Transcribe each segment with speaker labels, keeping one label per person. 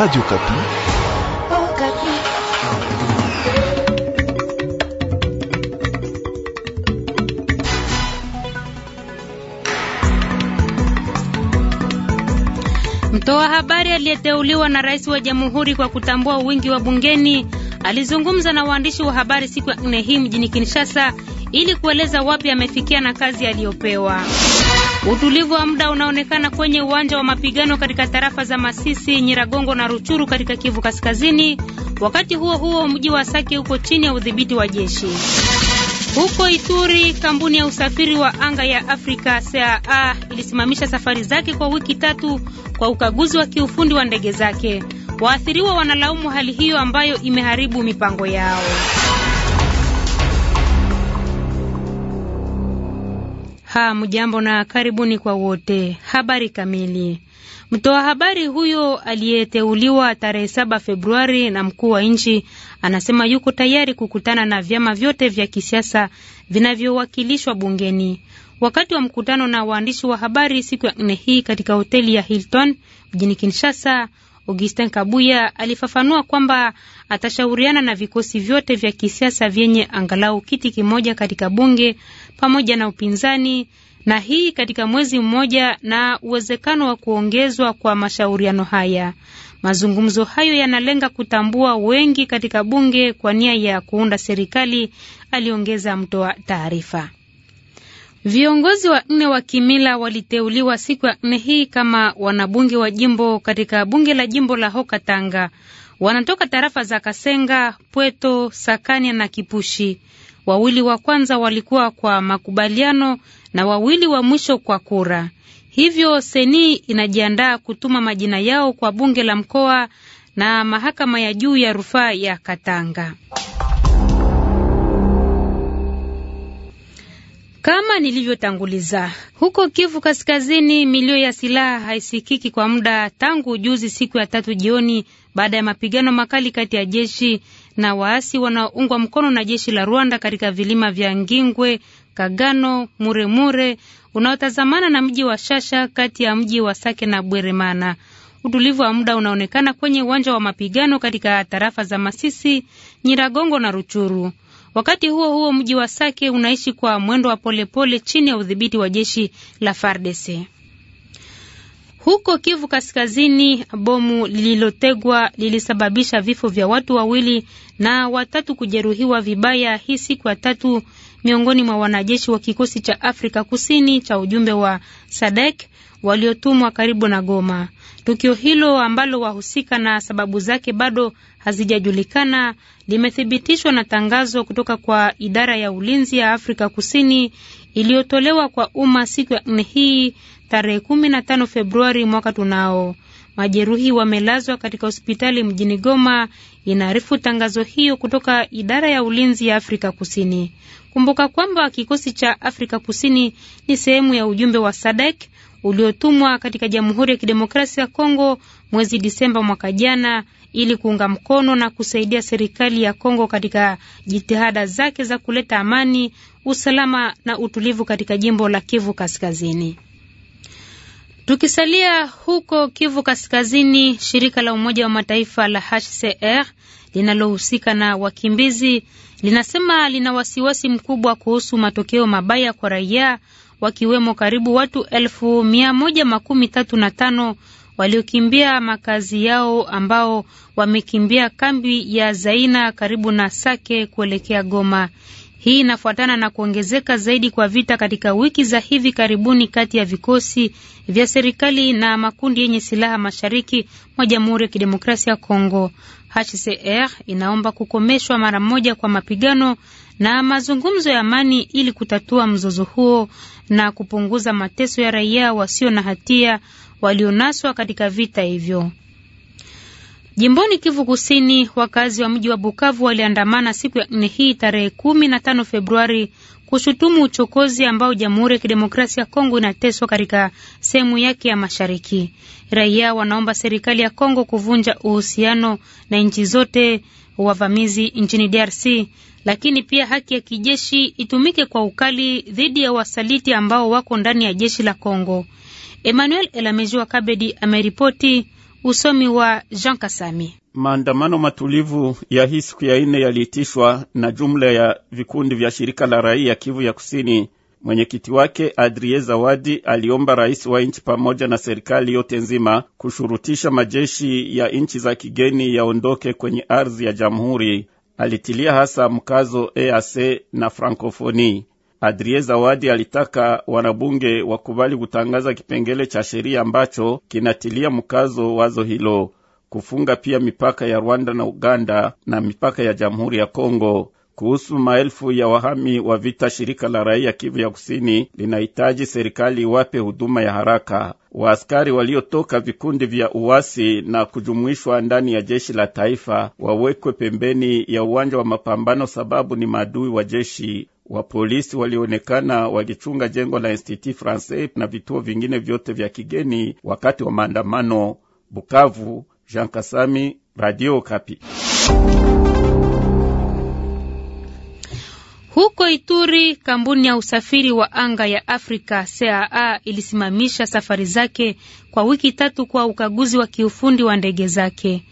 Speaker 1: Radio Kapi.
Speaker 2: Oh, Kapi.
Speaker 3: Mtoa habari aliyeteuliwa na Rais wa Jamhuri kwa kutambua wingi wa bungeni alizungumza na waandishi wa habari siku ya nne hii mjini Kinshasa ili kueleza wapi amefikia na kazi aliyopewa. Utulivu wa muda unaonekana kwenye uwanja wa mapigano katika tarafa za Masisi, Nyiragongo na Ruchuru katika Kivu Kaskazini. Wakati huo huo, mji wa Sake uko chini ya udhibiti wa jeshi. Huko Ituri, kampuni ya usafiri wa anga ya Afrika CAA ilisimamisha safari zake kwa wiki tatu kwa ukaguzi wa kiufundi wa ndege zake. Waathiriwa wanalaumu hali hiyo ambayo imeharibu mipango yao. mjambo na karibuni kwa wote. Habari kamili. Mtoa habari huyo aliyeteuliwa tarehe 7 Februari na mkuu wa nchi anasema yuko tayari kukutana na vyama vyote vya kisiasa vinavyowakilishwa bungeni. Wakati wa mkutano na waandishi wa habari siku ya nne hii katika hoteli ya Hilton mjini Kinshasa, Augustin Kabuya alifafanua kwamba atashauriana na vikosi vyote vya kisiasa vyenye angalau kiti kimoja katika bunge pamoja na upinzani, na hii katika mwezi mmoja na uwezekano wa kuongezwa kwa mashauriano haya. Mazungumzo hayo yanalenga kutambua wengi katika bunge kwa nia ya kuunda serikali, aliongeza mtoa taarifa. Viongozi wa nne wa kimila waliteuliwa siku ya nne hii kama wanabunge wa jimbo katika bunge la jimbo la Hoka Tanga. Wanatoka tarafa za Kasenga, Pweto, Sakania na Kipushi. Wawili wa kwanza walikuwa kwa makubaliano na wawili wa mwisho kwa kura. Hivyo Seni inajiandaa kutuma majina yao kwa bunge la mkoa na mahakama ya juu ya rufaa ya Katanga. Kama nilivyotanguliza huko Kivu Kaskazini, milio ya silaha haisikiki kwa muda tangu juzi, siku ya tatu jioni, baada ya mapigano makali kati ya jeshi na waasi wanaoungwa mkono na jeshi la Rwanda katika vilima vya Ngingwe, Kagano, Muremure unaotazamana na mji wa Shasha, kati ya mji wa Sake na Bweremana. Utulivu wa muda unaonekana kwenye uwanja wa mapigano katika tarafa za Masisi, Nyiragongo na Ruchuru. Wakati huo huo, mji wa Sake unaishi kwa mwendo wa polepole pole chini ya udhibiti wa jeshi la FARDC. Huko Kivu Kaskazini, bomu lililotegwa lilisababisha vifo vya watu wawili na watatu kujeruhiwa vibaya hii siku ya tatu, miongoni mwa wanajeshi wa kikosi cha Afrika Kusini cha ujumbe wa SADC waliotumwa karibu na Goma. Tukio hilo ambalo wahusika na sababu zake bado hazijajulikana limethibitishwa na tangazo kutoka kwa idara ya ulinzi ya Afrika Kusini iliyotolewa kwa umma siku ya nne hii tarehe 15 Februari mwaka tunao. Majeruhi wamelazwa katika hospitali mjini Goma, inaarifu tangazo hiyo kutoka idara ya ulinzi ya Afrika Kusini. Kumbuka kwamba kikosi cha Afrika Kusini ni sehemu ya ujumbe wa SADC uliotumwa katika Jamhuri ya Kidemokrasia ya Kongo mwezi Disemba mwaka jana ili kuunga mkono na kusaidia serikali ya Kongo katika jitihada zake za kuleta amani, usalama na utulivu katika jimbo la Kivu Kaskazini. Tukisalia huko Kivu Kaskazini, shirika la Umoja wa Mataifa la HCR linalohusika na wakimbizi linasema lina wasiwasi mkubwa kuhusu matokeo mabaya kwa raia wakiwemo karibu watu elfu mia moja makumi tatu na tano waliokimbia makazi yao ambao wamekimbia kambi ya Zaina karibu na Sake kuelekea Goma. Hii inafuatana na kuongezeka zaidi kwa vita katika wiki za hivi karibuni kati ya vikosi vya serikali na makundi yenye silaha mashariki mwa Jamhuri ya Kidemokrasia ya Kongo. HCR inaomba kukomeshwa mara moja kwa mapigano na mazungumzo ya amani ili kutatua mzozo huo na kupunguza mateso ya raia wasio na hatia walionaswa katika vita hivyo. Jimboni Kivu Kusini, wakazi wa mji wa Bukavu waliandamana siku ya nne hii tarehe kumi na tano Februari kushutumu uchokozi ambao Jamhuri ya Kidemokrasia ya Kongo inateswa katika sehemu yake ya mashariki. Raia wanaomba serikali ya Kongo kuvunja uhusiano na nchi zote wavamizi nchini DRC lakini pia haki ya kijeshi itumike kwa ukali dhidi ya wasaliti ambao wako ndani ya jeshi la Kongo. Emmanuel Elamejiwa Kabedi ameripoti. Usomi wa Jean Kasami.
Speaker 4: Maandamano matulivu ya hii siku ya ine yaliitishwa na jumla ya vikundi vya shirika la raia Kivu ya Kusini. Mwenyekiti wake Adrie Zawadi aliomba rais wa nchi pamoja na serikali yote nzima kushurutisha majeshi ya nchi za kigeni yaondoke kwenye ardhi ya jamhuri alitilia hasa mkazo EAC na Frankofoni. Adrie Zawadi alitaka wanabunge wakubali kutangaza kipengele cha sheria ambacho kinatilia mkazo wazo hilo, kufunga pia mipaka ya Rwanda na Uganda na mipaka ya Jamhuri ya Kongo kuhusu maelfu ya wahami wa vita. Shirika la raia Kivu ya Kusini linahitaji serikali iwape huduma ya haraka waaskari waliotoka vikundi vya uasi na kujumuishwa ndani ya jeshi la taifa wawekwe pembeni ya uwanja wa mapambano, sababu ni maadui wa jeshi. Wapolisi walionekana wakichunga jengo la Institut Francais na vituo vingine vyote vya kigeni wakati wa maandamano. Bukavu, Jean Kasami, Radio Kapi.
Speaker 3: Ituri, kampuni ya usafiri wa anga ya Afrika CAA ilisimamisha safari zake kwa wiki tatu kwa ukaguzi wa kiufundi wa ndege zake.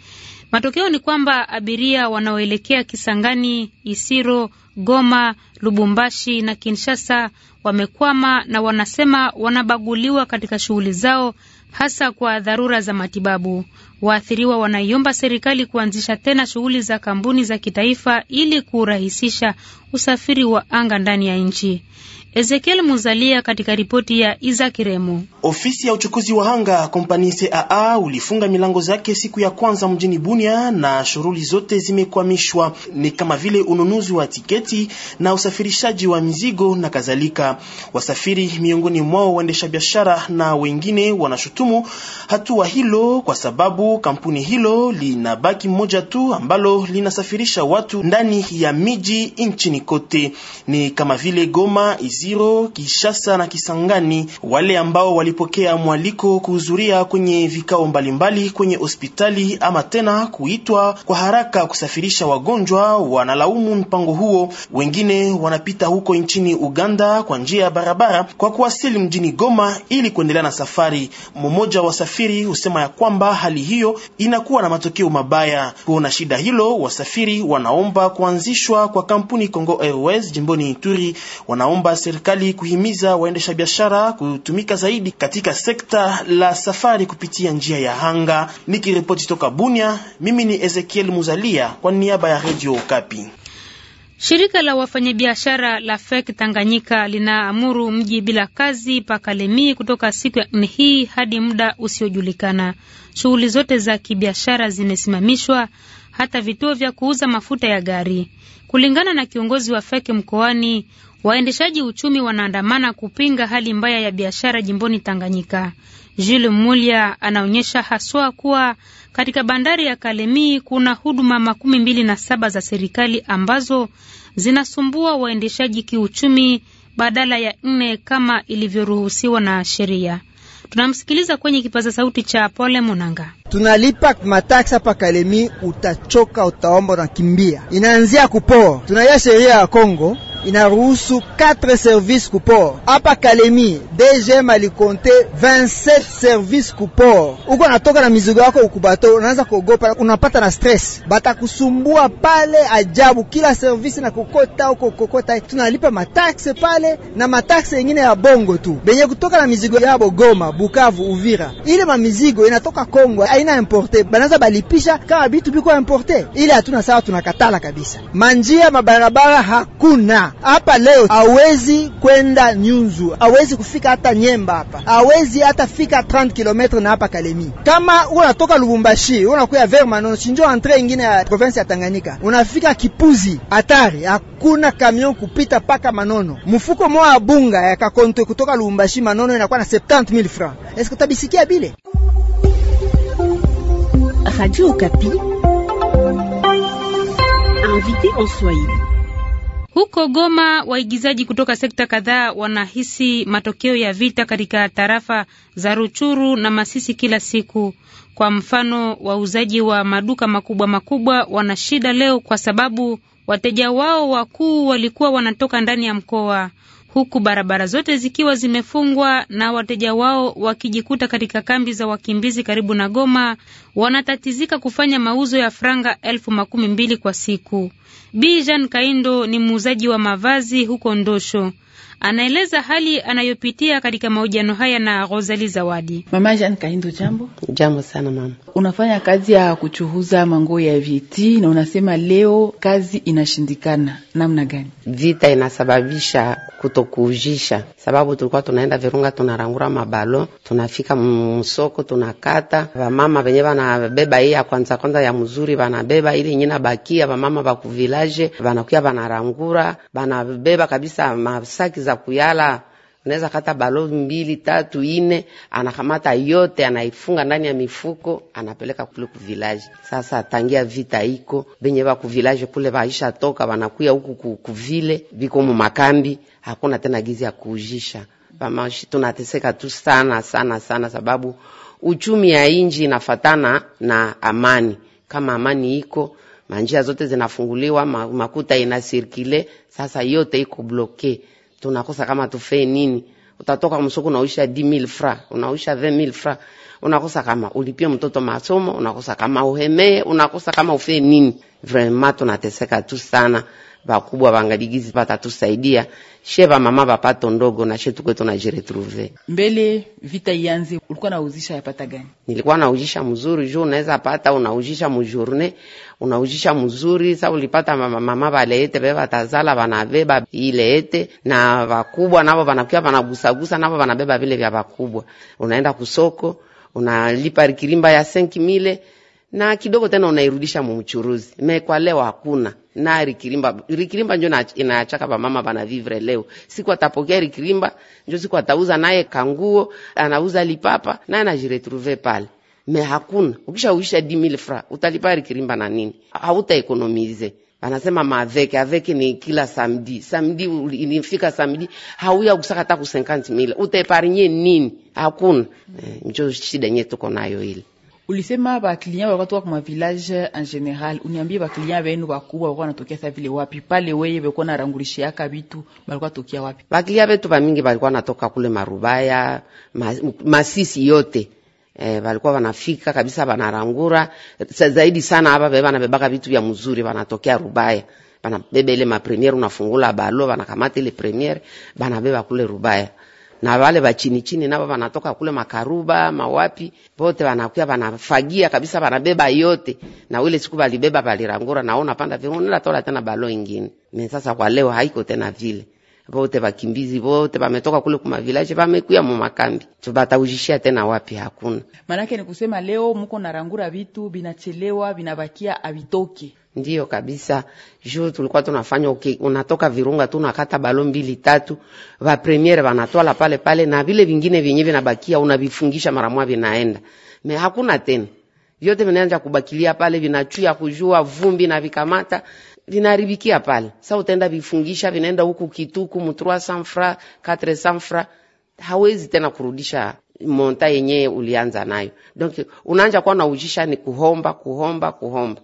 Speaker 3: Matokeo ni kwamba abiria wanaoelekea Kisangani, Isiro, Goma, Lubumbashi na Kinshasa wamekwama na wanasema wanabaguliwa katika shughuli zao hasa kwa dharura za matibabu. Waathiriwa wanaiomba serikali kuanzisha tena shughuli za kampuni za kitaifa ili kurahisisha usafiri wa anga ndani ya nchi. Ezekiel Muzalia katika ripoti ya Iza Kiremo.
Speaker 1: Ofisi ya uchukuzi wa anga kompani CAA ulifunga milango zake siku ya kwanza mjini Bunia na shughuli zote zimekwamishwa, ni kama vile ununuzi wa tiketi na usafirishaji wa mizigo na kadhalika. Wasafiri miongoni mwao waendesha biashara na wengine wanashutumu hatua hilo kwa sababu kampuni hilo linabaki moja tu ambalo linasafirisha watu ndani ya miji nchini kote, ni kama vile Goma, Izi Isiro, Kishasa na Kisangani, wale ambao walipokea mwaliko kuhudhuria kwenye vikao mbalimbali kwenye hospitali ama tena kuitwa kwa haraka kusafirisha wagonjwa, wanalaumu mpango huo. Wengine wanapita huko nchini Uganda kwa njia ya barabara kwa kuwasili mjini Goma ili kuendelea na safari. Mmoja wa wasafiri husema ya kwamba hali hiyo inakuwa na matokeo mabaya. Kuona shida hilo, wasafiri wanaomba kuanzishwa kwa kampuni Congo Airways jimboni Ituri, wanaomba serikali kuhimiza waendesha biashara kutumika zaidi katika sekta la safari kupitia njia ya anga. Nikiripoti toka Bunia, mimi ni Ezekiel Muzalia kwa niaba ya Radio Okapi.
Speaker 3: Shirika la wafanyabiashara la FEK Tanganyika linaamuru mji bila kazi pa Kalemi kutoka siku ya nne hii hadi muda usiojulikana. Shughuli zote za kibiashara zimesimamishwa, hata vituo vya kuuza mafuta ya gari. Kulingana na kiongozi wa FEC mkoani, Waendeshaji uchumi wanaandamana kupinga hali mbaya ya biashara jimboni Tanganyika. Jules Mulia anaonyesha haswa kuwa katika bandari ya Kalemie kuna huduma makumi mbili na saba za serikali ambazo zinasumbua waendeshaji kiuchumi badala ya nne kama ilivyoruhusiwa na sheria. Tunamsikiliza kwenye kipaza sauti cha Pole Munanga.
Speaker 5: Tunalipa mataksi hapa Kalemi, utachoka, utaomba, unakimbia. Inaanzia kupoa. Tunaiya sheria ya Kongo inaruhusu 4 services kuport hapa Kalemi. DGM alikonte 27 services kuport. Uko natoka na mizigo yako ukubato, unaanza kuogopa, unapata na stress, batakusumbua pale ajabu. Kila service na kokota uko kokota, tunalipa mataxe pale na mataxe yengine ya bongo tu, benye kutoka na mizigo yabo Goma, Bukavu, Uvira. Ile mamizigo inatoka Kongo aina importe, banaanza balipisha kama bitu biko importe, ile hatuna sawa, tunakatala kabisa. Manjia mabarabara hakuna hapa leo hawezi kwenda Nyunzu, hawezi kufika hata Nyemba, hapa hawezi hata fika 30 km na hapa Kalemi. Kama unatoka Lubumbashi unakuya vers Manono, entre ingine ya province ya Tanganyika, unafika Kipuzi hatari, hakuna kamion kupita paka Manono. Mfuko mwa bunga ya kakonto kutoka Lubumbashi Manono inakuwa na 70000 francs. Eske tabisikia bile? Radio Okapi invité en Swahili
Speaker 3: huko Goma waigizaji kutoka sekta kadhaa wanahisi matokeo ya vita katika tarafa za Ruchuru na Masisi kila siku. Kwa mfano, wauzaji wa maduka makubwa makubwa wana shida leo kwa sababu wateja wao wakuu walikuwa wanatoka ndani ya mkoa huku barabara zote zikiwa zimefungwa na wateja wao wakijikuta katika kambi za wakimbizi karibu na Goma, wanatatizika kufanya mauzo ya franga elfu makumi mbili kwa siku. Bi Jean Kaindo ni muuzaji wa mavazi huko Ndosho anaeleza hali anayopitia katika mahojiano haya na Rosali Zawadi.
Speaker 2: Mama Jean Kaindo, jambo. Jambo sana mama. Unafanya kazi ya kuchuhuza manguo ya viti na unasema leo kazi inashindikana, namna gani? Vita inasababisha kutokuujisha, sababu tulikuwa tunaenda Virunga, tunarangura mabalo, tunafika msoko, tunakata vamama venye vanabeba hii ya kwanza kwanza ya mzuri, vanabeba ili nyina bakia vamama vakuvilaje, vanakuya vanarangura, vanabeba kabisa masaki anaweza kuyala anaweza kata balo mbili tatu ine, anakamata yote anaifunga ndani ya mifuko, anapeleka kule ku village. Sasa tangia vita iko benye ba ku village kule baisha toka wanakuya huku ku vile biko mu makambi, hakuna tena gizi ya kuujisha pamashi. Tunateseka tu sana sana sana, sababu uchumi ya inji inafatana na amani. Kama amani iko manjia zote zinafunguliwa, makuta inasirkile, sasa yote iko bloke tunakosa kama tufee nini? Utatoka msoko unaisha 10000 fra unaisha 20000 francs, unakosa kama ulipie mtoto masomo, unakosa kama uhemee, unakosa kama ufee nini? Vraiment tunateseka tu sana bakubwa bangaligizi batatusaidia she bamama bapato ndogo na she tuko tunajiretrouve mbele. Vita ianze, ulikuwa nauzisha yapata gani? Nilikuwa nauzisha mzuri juu unaweza pata unauzisha mujourne, unauzisha mzuri sa ulipata mama baleete be batazala banabeba ileete, na bakubwa nabo banakuya banagusagusa nabo banabeba vile vya bakubwa. Unaenda kusoko unalipa rikirimba ya 5000 na kidogo tena unairudisha mumchuruzi mekwa hakuna na rikirimba rikirimba njo inaachaka vamama vana vivre leo siku atapokea rikirimba njo siku atauza naye kanguo anauza lipapa naye anajiretrouve pale me hakuna ukisha ukishauisha 10000 fra utalipa rikirimba na nini hauta ekonomize anasema maveke aveke ni kila samedi samedi inifika samedi hauya kusaka ta ku 50000 utaeparnye nini hakuna mm. njo shida nye tuko nayo ile Ulisema baklinia walikuwa toka kwa village en general, uniambie baklinia wenu bakubwa walikuwa wanatokea sasa vile wapi? Pale wewe walikuwa wanarangulishiaka vitu walikuwa tokea wapi? Baklinia wetu bamingi walikuwa wanatoka kule Marubaya, Masisi yote eh, walikuwa wanafika kabisa, wanarangura zaidi sana hapa beba na bebaka vitu vya mzuri, wanatokea Rubaya banabeba ile mapremiere, unafungula balo, wanakamata ile premiere, banabeba kule Rubaya na wale wa chini chini nao wanatoka kule makaruba mawapi, wote wanakuya wanafagia kabisa, wanabeba yote. Na ile siku walibeba walirangura, naona panda vingine na tola tena balo ingine. Mimi sasa kwa leo haiko tena vile, wote wakimbizi wote wametoka kule kuma village, wamekuya mu makambi, tubataujishia tena wapi? Hakuna maanake, ni kusema leo mko narangura vitu vinachelewa, vinabakia avitoki ndio kabisa. Juu tulikuwa tunafanya okay, unatoka Virunga tu unakata balo mbili tatu, va premiere vanatwala pale pale na vile vingine vyenye vinabakia unavifungisha mara moja vinaenda. Me hakuna tena. Vyote vinaanza kubakilia pale vinachuya kujua vumbi na vikamata vinaharibikia pale. Sa utaenda vifungisha vinaenda huku kituku mu 300 francs, 400 francs. Hawezi tena kurudisha monta yenye ulianza nayo. Donc unaanza kuwa ujisha, ni kuhomba kuhomba kuhomba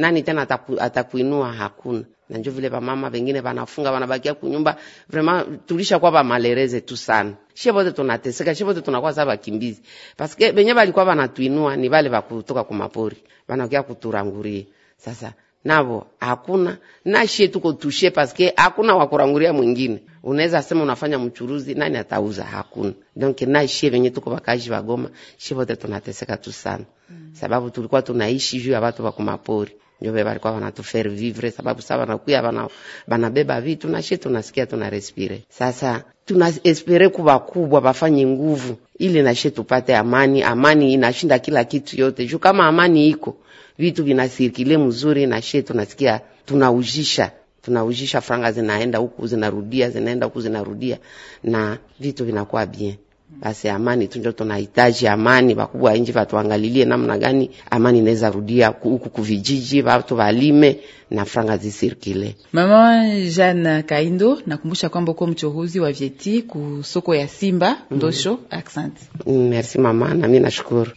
Speaker 2: nani tena ataku, atakuinua? Hakuna. Na njo vile vamama vengine vanafunga vanabakia kunyumba, vraiment tulishakuwa vamalereze tu sana. Shie bote tunateseka, shie bote tunakuwa saa vakimbizi, paske venye valikuwa vanatuinua ni vale vakutoka kumapori vanakia kuturangurie sasa navo hakuna na shie tuko tushe paske hakuna wakuranguria mwingine. Unaweza sema unafanya mchuruzi, nani atauza? Hakuna. Donc na shie venye tuko bakaji bagoma, shie bote tunateseka tu sana, mm. sababu tulikuwa tunaishi juu ya watu wa kumapori ndio walikuwa wanatufaire vivre, sababu sasa wanakuya wana banabeba vitu na tunasikia tuna respire. Sasa tuna espere kuwa kubwa bafanye nguvu ili na tupate amani. Amani inashinda kila kitu yote, juu kama amani iko vitu vinasirikile mzuri, na tunasikia tunaujisha tunaujisha, franga zinaenda huku zinarudia, zinaenda huku zinarudia, na vitu vinakuwa bien. Basi amani tu ndio tunahitaji amani. Wakubwa inji watuangalilie namna gani amani inaweza rudia huku kuvijiji, watu walime na franga zisirikile. Mama Jeanne Kaindo, nakumbusha kwamba uko mchuhuzi wa vyeti ku soko ya Simba
Speaker 3: mm. Ndosho. mm. Accent
Speaker 2: mm, merci mama, na mimi nashukuru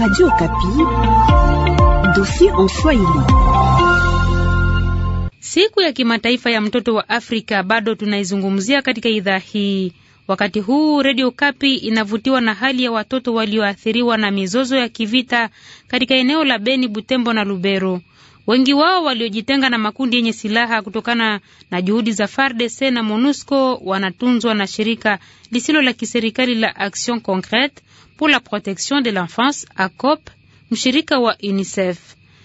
Speaker 3: Radio Kapi, dossier en Swahili. Siku ya kimataifa ya mtoto wa Afrika bado tunaizungumzia katika idhaa hii. Wakati huu Radio Kapi inavutiwa na hali ya watoto walioathiriwa na mizozo ya kivita katika eneo la Beni, Butembo na Lubero. Wengi wao waliojitenga na makundi yenye silaha kutokana na juhudi za FARDC na MONUSCO wanatunzwa na shirika lisilo la kiserikali la Action Concrete pour la Protection de l'Enfance, ACOP, mshirika wa UNICEF.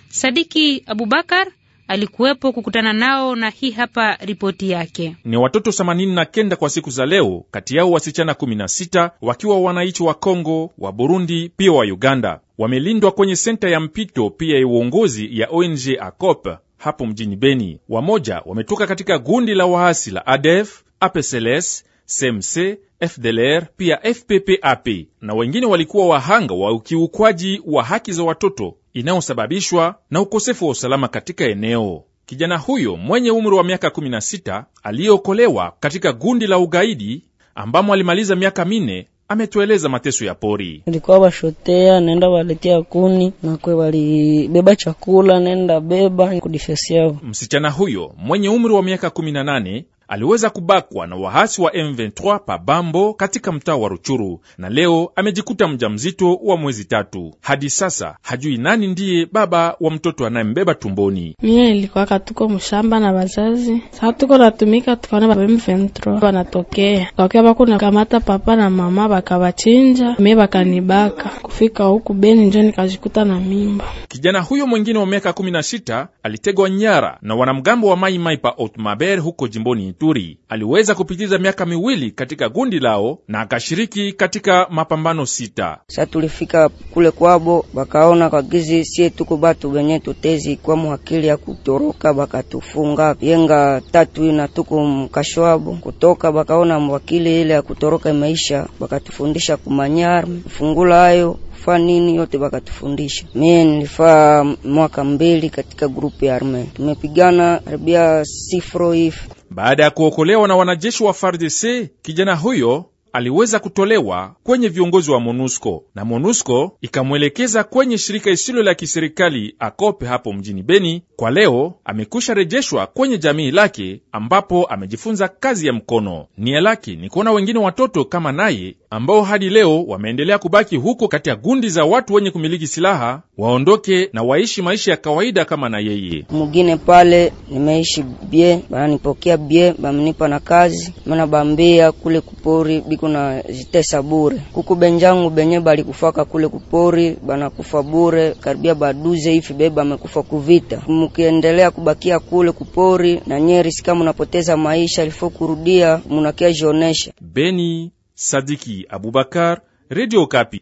Speaker 3: Sadiki Abubakar alikuwepo kukutana nao na hii hapa ripoti yake.
Speaker 6: Ni watoto 89 kwa siku za leo, kati yao wasichana 16 wakiwa wananchi wa Kongo, wa Burundi pia wa Uganda, wamelindwa kwenye senta ya mpito pia ya uongozi ya ONG ACOP hapo mjini Beni. Wamoja wametoka katika gundi la waasi la ADF, APCLS cmc FDLR pia FPPAP na wengine walikuwa wahanga wa ukiukwaji wa haki za watoto inayosababishwa na ukosefu wa usalama katika eneo. Kijana huyo mwenye umri wa miaka 16 aliyeokolewa katika gundi la ugaidi ambamo alimaliza miaka mine ametueleza mateso ya pori.
Speaker 2: Ilikuwa washotea naenda waletea kuni nakwe walibeba chakula naenda beba kudifesi yao.
Speaker 6: Msichana huyo mwenye umri wa miaka 18 aliweza kubakwa na wahasi wa M23 pa Bambo katika mtaa wa Ruchuru, na leo amejikuta mjamzito wa mwezi tatu. Hadi sasa hajui nani ndiye baba wa mtoto anayembeba tumboni.
Speaker 3: Mie nilikuwaka tuko mshamba na wazazi, saa tuko natumika, tukaona M23 wanatokea kakea, bakuna kamata papa na mama bakabachinja, mie bakanibaka. Kufika huku Beni njo nikajikuta na mimba.
Speaker 6: Kijana huyo mwingine wa miaka 16 alitegwa nyara na wanamgambo wa maimai pa Otmaber huko jimboni Ituri. Aliweza kupitiza miaka miwili katika gundi lao na akashiriki katika mapambano sita.
Speaker 4: Sa tulifika kule kwabo, bakaona kagizi sie tuko batu benye tutezi kwa muhakili ya kutoroka, bakatufunga yenga tatu na tuko wabo kutoka, bakaona mwakili ile ya kutoroka maisha, bakatufundisha kumanyar mfungula ayo fa nini yote bakatufundisha. Mie nilifaa mwaka mbili katika grupu ya arme, tumepigana karibia hivi.
Speaker 6: Baada ya kuokolewa na wanajeshi wa FARDC, kijana huyo aliweza kutolewa kwenye viongozi wa MONUSCO na MONUSCO ikamwelekeza kwenye shirika isilo la kiserikali akope hapo mjini Beni. Kwa leo amekwisha rejeshwa kwenye jamii lake ambapo amejifunza kazi ya mkono. Nia lake ni kuona wengine watoto kama naye ambao hadi leo wameendelea kubaki huko kati ya gundi za watu wenye kumiliki silaha waondoke na waishi maisha ya kawaida kama na yeye.
Speaker 4: Mugine pale nimeishi bie, bananipokea bie, bamnipa na kazi, mana bambia kule kupori biko na jitesa bure kuku benjangu benye balikufaka kule kupori banakufa bure karibia baduze hivi beba amekufa kuvita. Mkiendelea kubakia kule kupori na nyeri sika munapoteza maisha ilifo kurudia mnakia jionesha.
Speaker 6: Beni Sadiki Abubakar, Radio Kapi.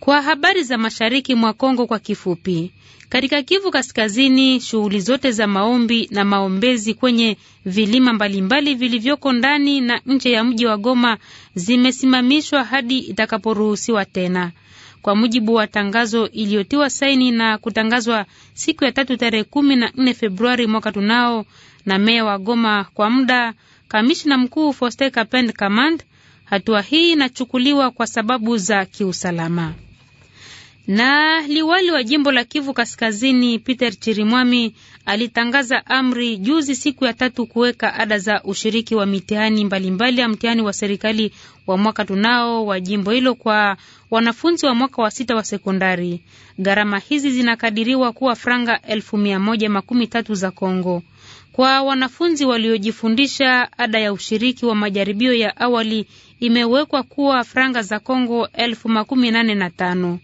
Speaker 3: Kwa habari za mashariki mwa Kongo kwa kifupi katika Kivu Kaskazini, shughuli zote za maombi na maombezi kwenye vilima mbalimbali vilivyoko ndani na nje ya mji wa Goma zimesimamishwa hadi itakaporuhusiwa tena, kwa mujibu wa tangazo iliyotiwa saini na kutangazwa siku ya tatu tarehe kumi na nne Februari mwaka tunao na meya wa Goma kwa muda, kamishna mkuu Foster Kapend Kamand. Hatua hii inachukuliwa kwa sababu za kiusalama. Na liwali wa jimbo la Kivu Kaskazini Peter Chirimwami alitangaza amri juzi siku ya tatu kuweka ada za ushiriki wa mitihani mbalimbali ya mtihani wa serikali wa mwaka tunao wa jimbo hilo kwa wanafunzi wa mwaka wa sita wa sekondari. Gharama hizi zinakadiriwa kuwa franga elfu mia moja makumi tatu za Kongo. Kwa wanafunzi waliojifundisha, ada ya ushiriki wa majaribio ya awali imewekwa kuwa franga za Kongo elfu makumi nane na tano.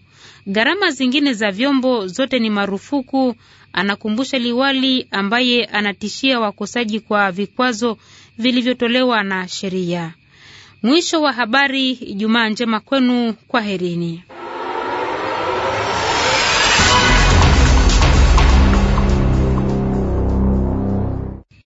Speaker 3: Gharama zingine za vyombo zote ni marufuku, anakumbusha liwali ambaye anatishia wakosaji kwa vikwazo vilivyotolewa na sheria. Mwisho wa habari. Ijumaa njema kwenu, kwaherini.